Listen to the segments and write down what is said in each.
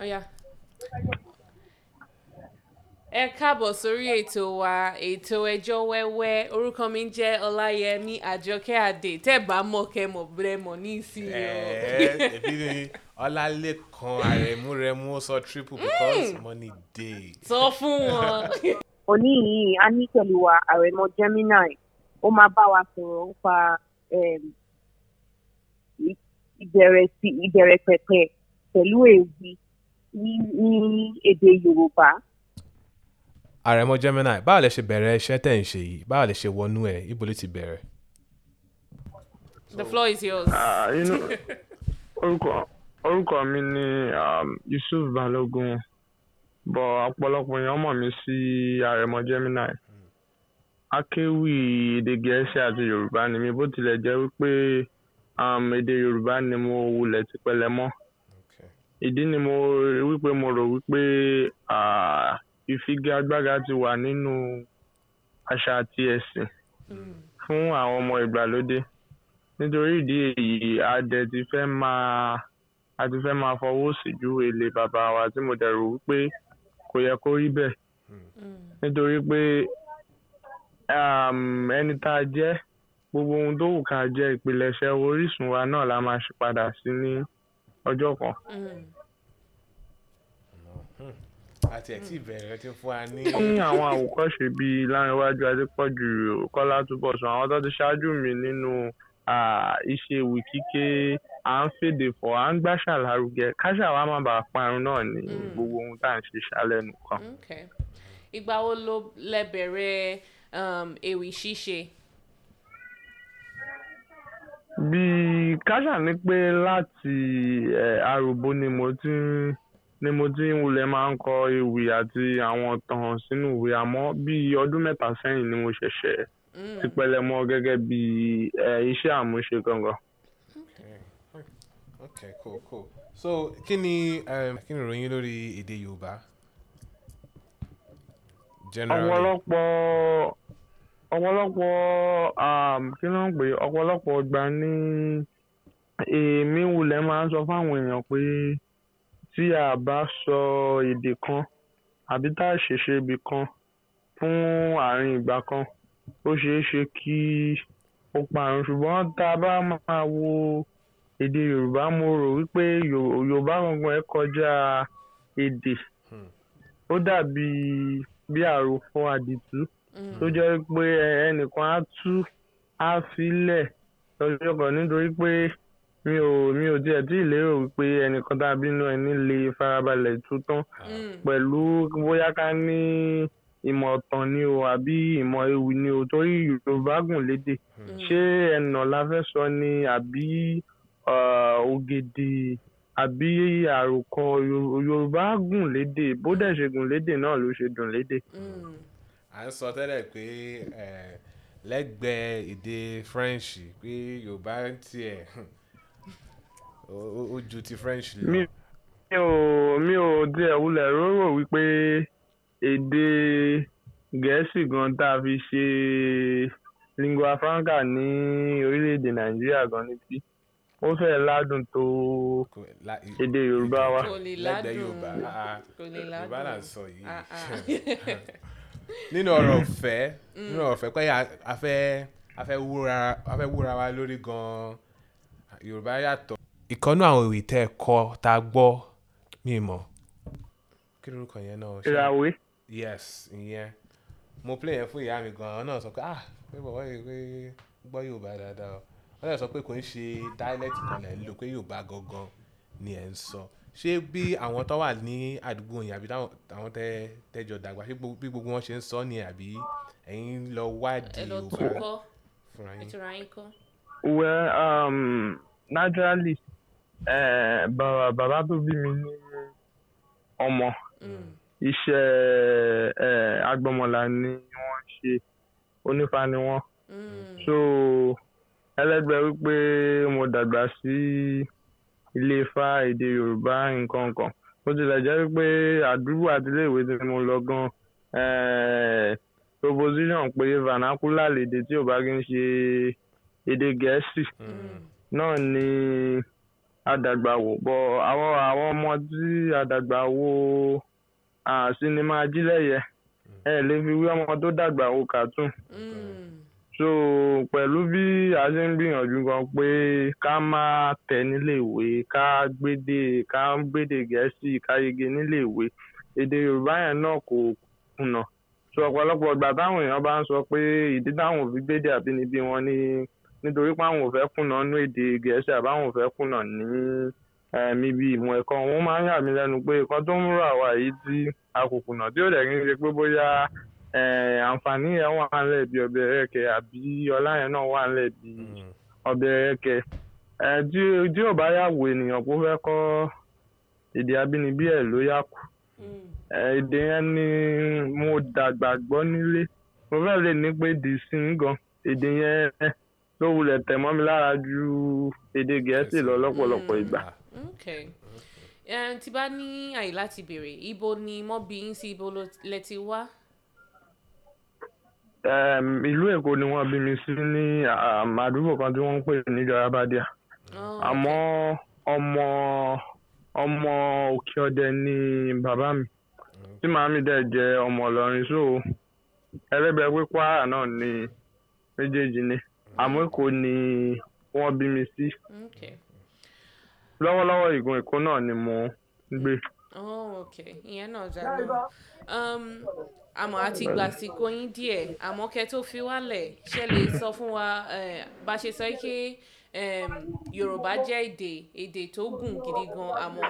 oh Ọ̀yá. Ẹ káàbọ̀ sórí ètò wa ètò ẹjọ́ wẹ́wẹ́ orúkọ mi jẹ́ Ọláyẹmí Àjọkẹ́ Adé tẹ́ bá mọ̀ kẹ́ mọ̀ bẹ́ẹ̀ mọ̀ ní ìsinyìí. Ẹ̀ẹ́ ẹ̀bí ni Ọlálékan àrẹ̀múrẹ̀mú sọ triple because hmm. money dey. Sọ fún wọn. Òní yìí a ní pẹ̀lú wa àrẹ̀mọ Gemini ó máa bá wa sọ̀rọ̀ nípa ehm, ìbẹ̀rẹ̀ pẹ̀pẹ̀ pẹ̀lú èyí ní ní èdè Yorùbá. Àrẹ̀mọ Gemini báwo lẹ ṣe bẹ̀rẹ̀ iṣẹ́ tẹ̀ ń ṣe yìí báwo lẹ ṣe wọnú ẹ̀ ibo ló ti bẹ̀rẹ̀. The floor is yours. Uh, you know, orúkọ orúkọ mi ni um, Yusuf Balogun bọ ọ̀pọ̀lọpọ̀ èèyàn mọ̀ mí sí Àrẹ̀mọ Gemini akéwì èdè Gẹ̀ẹ́sì àti Yorùbá ni mi bó tilẹ̀ jẹ́ wípé um, èdè Yorùbá ni mo wulẹ̀ tipẹ́lẹ́ mọ́ ìdí ni mo wípé mo rò wípé ìfigagbága ti wà nínú àṣà àti ẹ̀sìn fún àwọn ọmọ ìgbàlódé nítorí ìdí èyí a dẹ̀ ti fẹ́ máa a ti fẹ́ máa fọwọ́ sí ju èlé bàbá wa tí mo dẹ̀ rò wípé kò yẹ kó rí bẹ́ẹ̀ nítorí pé ẹni tá a jẹ́ gbogbo ohun tó wù ká jẹ́ ìpilẹ̀ṣẹ̀ orísun wa náà la máa ṣe padà sí ní ọjọ́ kan. àti mm. ẹ̀tí ìbẹ̀rẹ̀ ti fún wa ní. ní àwọn àwòkọ́ṣe bíi Láńrewájú Adépọ̀jù Kọ́lá Túbọ̀sún àwọn tó ti ṣáájú mi nínú iṣẹ́ ìwé kíké à ń fèdè fọ̀ à ń gbàṣà lárugẹ káṣà wa má bàa parun náà ní mm. gbogbo ohun tá à ń ṣe ṣálẹ̀ nìkan. ìgbà wo lẹ bẹ̀rẹ̀ um, ewì ṣíṣe? bí ká ṣà ní pé láti àròbó ni mo ti ń ni mo ti ń wulẹ̀ máa ń kọ ewì àti àwọn ìtàn sínú ìwé àmọ́ bíi ọdún mẹ́ta sẹ́yìn ni mo ṣẹ̀ṣẹ̀ mm. ti pẹ̀lẹ́ mọ́ gẹ́gẹ́ bí iṣẹ́ àmúṣe gangan. okay cool cool so kí ni kí ni ìròyìn lórí èdè Yorùbá. ọ̀pọ̀lọpọ̀ ọ̀pọ̀lọpọ̀ um kí ló ń pè é ọ̀pọ̀lọpọ̀ ìgbà ni èmi wulẹ̀ máa ń sọ fáwọn èèyàn pé tí a bá sọ èdè kan àbí tá a ṣèṣe ibì kan fún àárín ìgbà kan ó ṣeé ṣe kí ó parun ṣùgbọ́n tá a bá máa wo èdè Yorùbá mo rò wípé Yorùbá gangan ẹ̀ kọjá èdè hmm. ó dàbí bí àròfọ̀ àdìtú. Mm. tó jẹ́ pé ẹnìkan á tú á filẹ̀ lọ́jọ́ kan nítorí pé mi ò mi ò tiẹ̀ tí ì lérò pé ẹnìkan tá a bínú ẹni lè farabalẹ̀ tú tán mm. pẹ̀lú bóyá ká ní ìmọ̀ ọ̀tàn ni o àbí ìmọ̀ ewì ni o torí Yorùbá gùn lédè mm. ṣé ẹnà la fẹ́ sọ ni àbí ògèdè àbí àròkọ Yorùbá gùn lédè bó dẹ̀ ṣe gùn lédè náà ló ṣe dùn lédè à ń sọ tẹ́lẹ̀ pé lẹ́gbẹ̀ẹ́ èdè French pé Yorùbá tiẹ̀ o ju ti French lọ. mi ò mi ò díẹ̀ wulẹ̀ róró wípé èdè Gẹ̀ẹ́sì gan tá a fi ṣe lingua franca ní orílẹ̀-èdè Nàìjíríà gan níbí ó fẹ́ ládùn tó èdè Yorùbá wa. kò lè ládùn kò lè ládùn ah, Yorùbá là ń sọ yìí. Ah, ah. nínú ọ̀rọ̀ ọ̀fẹ́ nínú ọ̀rọ̀ ọ̀fẹ́ pé afẹ́ afẹ́ wúra afẹ́ wúra wa lórí gan-an Yorùbá yàtọ̀. ìkọ́nú àwọn òwe tẹ́ ẹ kọ́ tá a gbọ́ mi mọ̀ kí lorúkọ yẹn náà. ìràwé. yes ìyẹn mo play yẹn fún ìyá mi gan-an náà sọ pé ah pé bàbá yìí pé gbọ́ Yorùbá dáadáa wọ́n dẹ̀ sọ pé kò ń ṣe dialect kan lẹ́ ń lò pé Yorùbá gangan ni ẹ̀ ń sọ. So ṣé bí àwọn tó wà ní àdúgbò yẹn àbí táwọn tẹ́jọ dàgbà ṣé bí gbogbo wọn ṣe ń sọ ni àbí ẹ̀yin lọ wádìí Yorùbá fúnra yín. well um, naturally bàbá bàbá tó bí mi ní ọmọ mm. iṣẹ́ agbọ́mọlà ni wọ́n ṣe onífá ni wọ́n mm. so ẹlẹ́gbẹ́ wípé mo dàgbà sí. Si, ilé fa èdè Yorùbá nǹkan kan. Bó tilẹ̀ jẹ́ wípé àdúgbò àti ilé-ìwé tí mo lọ gan eh, proposition pé vernacular lédè tí ò bá kí ń ṣe èdè Gẹ̀ẹ́sì hmm. náà ni àdàgbà wò bọ̀ àwọn àwọn ọmọ tí àdàgbà wò ah, sinimá ajílẹ̀yẹ hmm. ẹ lè fi wí ọmọ tó dàgbà cartoon. Hmm so pẹ̀lú bí a ṣe ń gbìyànjú gan pé ká má tẹnílèèwé ká gbédè ká gbédè gẹ̀ẹ́sì ká yege níléèwé èdè yorùbá yẹn náà kò kùnà so ọ̀pọ̀lọpọ̀ ìgbà táwọn èèyàn bá ń sọ pé ìdí táwọn ò fi gbédè àbínibí wọn ni nítorí pé àwọn ò fẹ́ kùnà nú èdè gẹ̀ẹ́sì àbáwọn ò fẹ́ kùnà ní níbi ìmọ̀ ẹ̀kọ́ wọn máa ń yà mí lẹ́nu pé nǹkan tó ń múra wá yìí tí a kò kùnà tí ó dẹ̀ kí n ṣe pé bóyá àǹfààní yẹn wà ńlẹ̀ bí ọbẹ̀ ẹ̀kẹ́ àbí ọlá yẹn náà wà ńlẹ̀ bí ọbẹ̀ ẹ̀kẹ́ tí ò bá yà wò ènìyàn kó fẹ́ kọ́ èdè abínibí ẹ̀ ló yà kù hmm. èdè yẹn ni mo dàgbà gbọ́ nílé mo fẹ́ lè ní pé dì sí èdè yẹn ló wulẹ̀ tẹ̀ mọ́ mi lára ju èdè gẹ̀ẹ́sì lọ lọ́pọ̀lọpọ̀ hmm. ìgbà. Ah. Okay tí bá ní àyè láti béèrè ibo ni mo bí yín sí ibo lẹ ti wá ìlú èkó ni wọ́n bí mi sí ní um, àdúgbò kan tí wọ́n ń pè ní jọyàbádìá oh, àmọ́ ọmọ ọmọ òkè ọdẹ ni bàbá mi tí màá mi dẹ̀ jẹ́ ọmọ ọlọ́rin so ẹlẹ́bẹ̀ẹ́ pé kwara náà ni méjèèjì ni àmọ́ èkó ni wọ́n bí mi sí lọ́wọ́lọ́wọ́ ìgùn èkó náà ni mo ń gbé. Okay oh okay ìyẹn náà jáde um, àmọ́ àti gbàsíkò yín díẹ̀ àmọ́ kẹ́ tó fi wálẹ̀ ṣe lè sọ fún wa bá ṣe sọ pé yorùbá jẹ́ èdè èdè tó gùn gidi gan àmọ́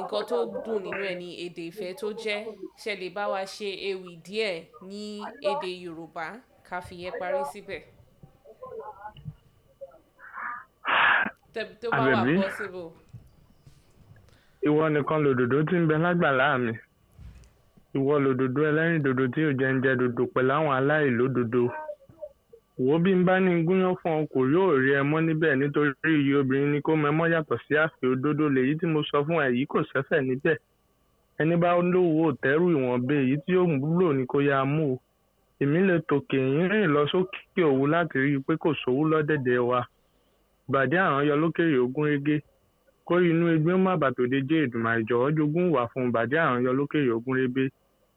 nǹkan tó dùn nínú ẹ̀ ni èdè ìfẹ́ tó jẹ́ ṣe lè bá wa ṣe ewì díẹ̀ ní èdè yorùbá ká fi yẹn parí síbẹ̀. tó bá wà possible. Ìwọ nìkan lòdòdó tí ńbẹ lágbàlá mi, ìwọ lòdòdó ẹlẹ́rìndòdò tí ò jẹ́ njẹ dòdò pẹ̀láwọn aláìlódodo, wòó bí ǹ bá ní n gúnyán fún ọ kò yóò rí ẹ mọ́ níbẹ̀ nítorí iyì obìnrin ni kó mẹmọ́ yàtọ̀ sí àfẹ́ òdodo lèyí tí mo sọ fún ẹ yìí kò ṣẹ̀fẹ̀ níbẹ̀, ẹní bá lówùú ò tẹ́rù ìwọ̀nba èyí tí yóò wúlò ni kó yáa mú o, èmi lè tòkè ìhín rìn lọ sókè òwú láti ríi pé kò sówú lọ́dẹ̀dẹ̀ wa, ìbàdí àrán yọ lókèèrè ogúnrégé. Kórí inú egbin ó má bàá tòde jẹ́ Èdùmàrè jọ̀wọ́ jogún ìwà fohùn ìbàjẹ́ àrùnyọ lókèèrè Ògúnrégé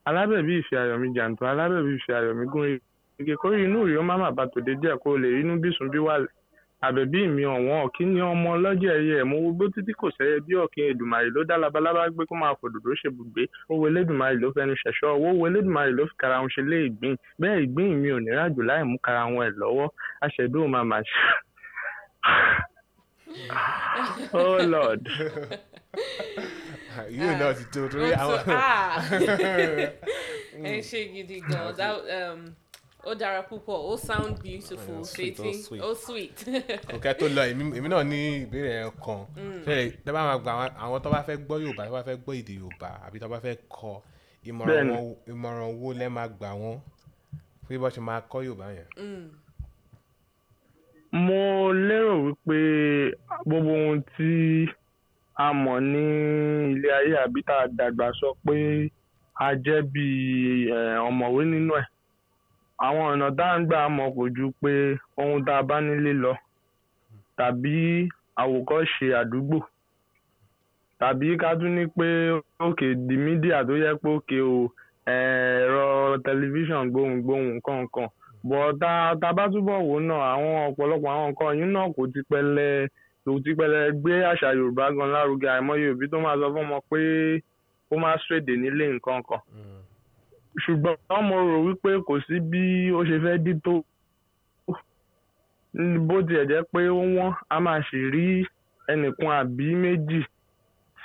alábẹ̀bí ìfẹ́ Ayọ̀mí Jàǹtò alábẹ̀bí ìfẹ́ Ayọ̀mí Gúnrégé kórí inú ìrì ó má má bàá tòde jẹ́ kó o lè rínú bísùn bíwàlẹ̀. Àbẹ̀bí mi ọ̀wọ́n ọ̀kíní ọmọ ọlọ́jẹ̀ ẹyẹ ẹ̀mówógbó títí kò ṣẹ́yẹ bí ọ̀kín Èdùmàrè ló dá labalábá gbé kó máa fòdòdó ṣebùgbé. Ó wo Elédùmarè ló fẹnu ṣẹ̀ṣọ́ ọwọ́, ó wo ló fi karahun ṣe lé ìgbín. Bẹ́ẹ̀ ìgbín mi ò ní ràjò láì mú karahun ẹ̀ lọ́wọ́. Aṣẹ̀dó o máa ṣe. oh lord you uh, know what to Ah! torí àwọn. ẹ ṣe gidi gan that um, ó dára púpọ̀ ó sound beautiful oh, fitting ó sweet. kò kẹ́ tó lọ èmi náà ní ìbéèrè ẹ̀ kan mm. ṣẹlẹ̀ tó bá máa gba àwọn tó bá fẹ́ gbọ́ yorùbá tó bá fẹ́ gbọ́ èdè yorùbá àbí tó bá fẹ́ kọ ìmọ̀ràn wo lẹ́ máa gbà wọ́n fún bí wọ́n ṣe máa kọ́ yorùbá yẹn. Mm mo lérò wípé gbogbo ohun tí a mọ̀ ní ilé ayé àbí tá a dàgbà sọ pé a jẹ́ bí ọ̀mọ̀wé nínú ẹ̀ àwọn ọ̀nà tá à ń gbà mọ̀ kò ju pé ohun tá a bá nílé lọ tàbí àwòkọ́ṣe àdúgbò tàbí ká tún ní pé òkè di mídíà tó yẹ pé òkè o ẹ̀rọ tẹlifíṣàn gbohùngbohùn nǹkan but tá tá a bá túbọ̀ wò náà àwọn ọ̀pọ̀lọpọ̀ àwọn nǹkan yìí náà kò ti pẹlẹ kò ti pẹlẹ gbé àṣà Yorùbá gan lárugẹ àìmọye òbí tó máa sọ fún ọmọ pé kó má ṣèdè nílé nǹkan kan ṣùgbọ́n mo rò wípé kò sí bí ó ṣe fẹ́ dí tó bó tiẹ̀ jẹ́ pé ó wọ́n a máa sì rí ẹnìkan àbí méjì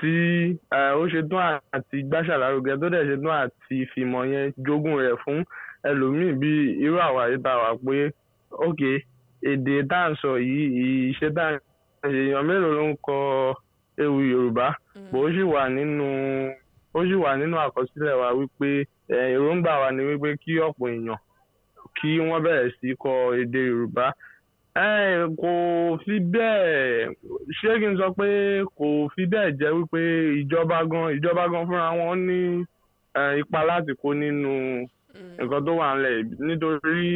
tí ó ṣetán àti gbàṣà lárugẹ tó dẹ̀ ṣetán àti fìmọ̀ yẹn jogún rẹ̀ fún ẹlòmíì bí irú àwa yìí tá a wà pé ok èdè tá à ń sọ yìí iṣẹ́ tá à ń ṣe èèyàn mélòó ló ń kọ ewì Yorùbá mm. bó ó sì wà nínú ó sì wà nínú àkọsílẹ̀ wa wípé èròǹgbà wa ni wípé kí ọ̀pọ̀ èèyàn kí wọ́n bẹ̀rẹ̀ sí kọ èdè Yorùbá kò fi bẹ́ẹ̀ ṣé kí n sọ pé kò fi bẹ́ẹ̀ jẹ́ wípé ìjọba gan ìjọba gan fúnra wọn ní ipa láti kó nínú Mm. nǹkan tó wà ńlẹ̀ nítorí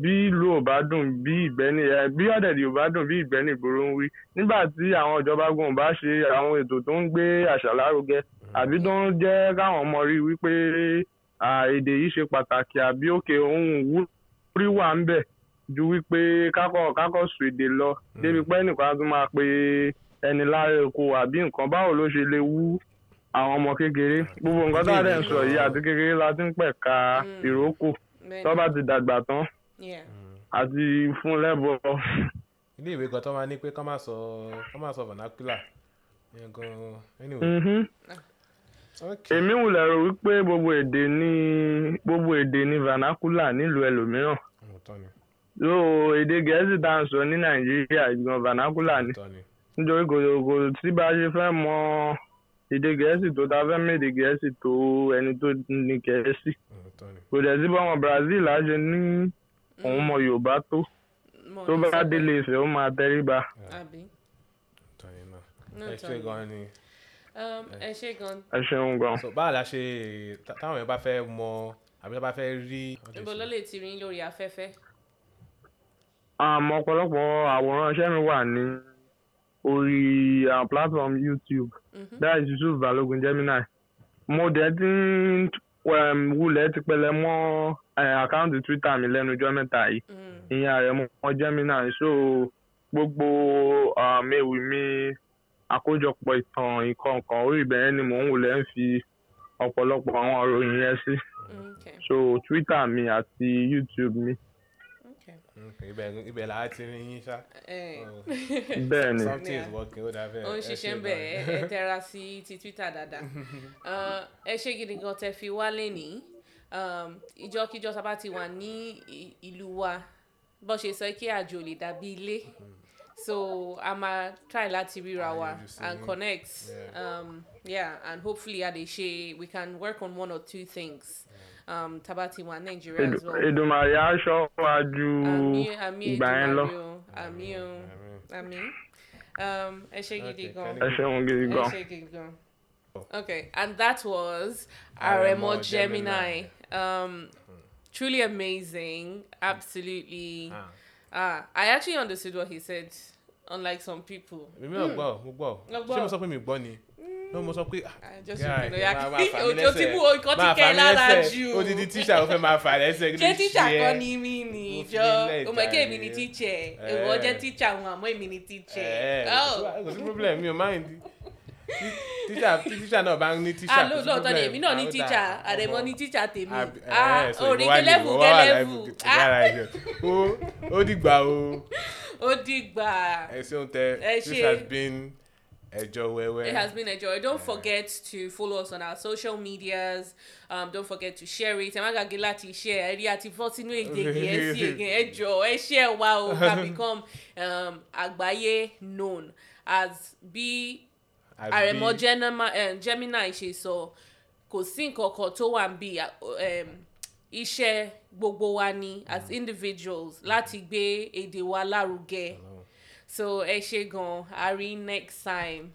bí ìlú ò bá dùn bí ìgbẹ́ni bí ọ̀dẹ̀dẹ̀ ò bá dùn bí ìgbẹ́ni ìgboro ń wí nígbà tí àwọn ìjọba gun ò bá ṣe àwọn ètò tó ń gbé àṣà lárugẹ mm. àbí tó ń jẹ́ káwọn ọmọ rí wípé èdè yìí ṣe pàtàkì àbí òkè ohun wúrí wà ń bẹ̀ ju wípé kákọ̀ kákọ̀ sùn èdè lọ mm. débi pé ẹnìkan á tún máa pe ẹni lára èkó àbí nǹkan báwo ló ṣe lè wú àwọn ọmọ kékeré gbogbo nǹkan tá a dẹ̀ ń sọ yìí àti kékeré la ti ń pẹ̀ka mm. ìrókò tó bá ti dàgbà tán àti fún lẹ́bọ. ilé ìwé gan tó máa ní pé kán máa sọ kán máa sọ vernacular yẹn gan anyway. Mm-hmm. Ah. èmi wulẹ̀ rò wípé gbogbo èdè ní gbogbo èdè ní vernacular nílùú ẹlòmíràn lo èdè gẹ̀ẹ́sì tá à ń sọ ní nàìjíríà ìgbọ̀n vernacular ni nítorí kò sí bá a ṣe fẹ́ mọ èdè gẹ̀ẹ́sì tó ta fẹ́ mèdè gẹ̀ẹ́sì tó ẹni tó ní gẹ̀ẹ́sì kò dẹ̀ sí báwọn Brazil á ṣe ní òun mọ Yorùbá tó tó bá délé Ifẹ̀ ó máa tẹríba. Ah. ẹ ṣe gan ni. Um, ẹ ṣe gan. ẹ ṣeun gan. báwo la ṣe táwọn èèyàn bá fẹ́ mọ àbí bá fẹ́ rí. ibo ló lè ti rí lórí afẹ́fẹ́. àmọ́ ọ̀pọ̀lọpọ̀ àwòrán iṣẹ́ wà ní orí our platform YouTube mm-hmm. that is Yusuf Balogun Gemini mo dẹ̀ ti ń wulẹ̀ ti pẹlẹ mọ́ àkáǹtì eh, Twitter mi lẹ́nu ọjọ́ mẹ́ta yìí mm. ìyẹn Àrẹ̀mọ Gemini so gbogbo mẹ́wìí mi àkójọpọ̀ ìtàn ìkọ̀ọ̀kan orí ìbẹ̀rẹ̀ ni mò ń wulẹ̀ ń fi ọ̀pọ̀lọpọ̀ àwọn ọ̀rọ̀ yẹn sí mm, so Twitter mi àti YouTube mi ibẹ̀ ibẹ̀ la ti rí yín ṣá. Eh. Oh. bẹ́ẹ̀ni something is working ó dà bẹ́ẹ̀. ó ń ṣiṣẹ́ ń bẹ̀ ẹ tẹra sí ti Twitter dada. Eh, ẹ ṣé gidi gan tẹ fi wá lẹ́ni um, ìjọkíjọ tá a bá ti wà ní ìlú wa bó ṣe sọ kí àjò lè dàbí ilé so a máa try láti ríra wa and connect yeah. Um, yeah and hopefully a lè ṣe we can work on one or two things um, tabati wa as well. Èdùmàrè aṣọ wa ju ìgbà yẹn lọ. àmín o àmín um, ẹ ṣé gidi gan. ẹ ṣeun gidi gan. ẹ ṣé gidi gan. Okay, and that was Aremo Gemini. Um, hmm. truly amazing. Absolutely. Ah. Uh, I actually understood what he said, unlike some people. Mm ló mọ sọ pé ah, ah, ojú ti mú nǹkan ti kẹ́ lára jù odidi tíṣà ló fẹ́ máa fà lẹ́sẹ̀ kí ló ṣe ṣe tíṣà kan ni mí ni ìjọ ọmọ ẹ̀kẹ́ èmi ni tíṣẹ̀ èwọ̀ jẹ́ tíṣà wọn àmọ́ èmi ni tíṣẹ̀. Oh. kò sí problem mi ò máa ń di tíṣà tíṣà náà bá ń ní tíṣà ah, kò sí problem. lóòótọ́ ni èmi náà ní tíṣà àrẹ̀mọ ní tíṣà tèmi òrè kẹlẹ́fù kẹlẹ́fù. ó dìgbà o. ó dìgbà. ẹ ṣeun tẹ this has been. where. It has been a joy. Don't yeah. forget to follow us on our social medias. Um, don't forget to share it. got Gilati share. I got to èdè again. Ẹjọ́ ẹ share Wow, o can become um, àgbáyé known as bí Àrẹ̀mọ eh, Gemini ṣe sọ kò sí nǹkan kan tó wà ń bí um, iṣẹ́ gbogbo as mm. individuals láti be èdè wa lárugẹ. Hello. So Eshe gone. read next time.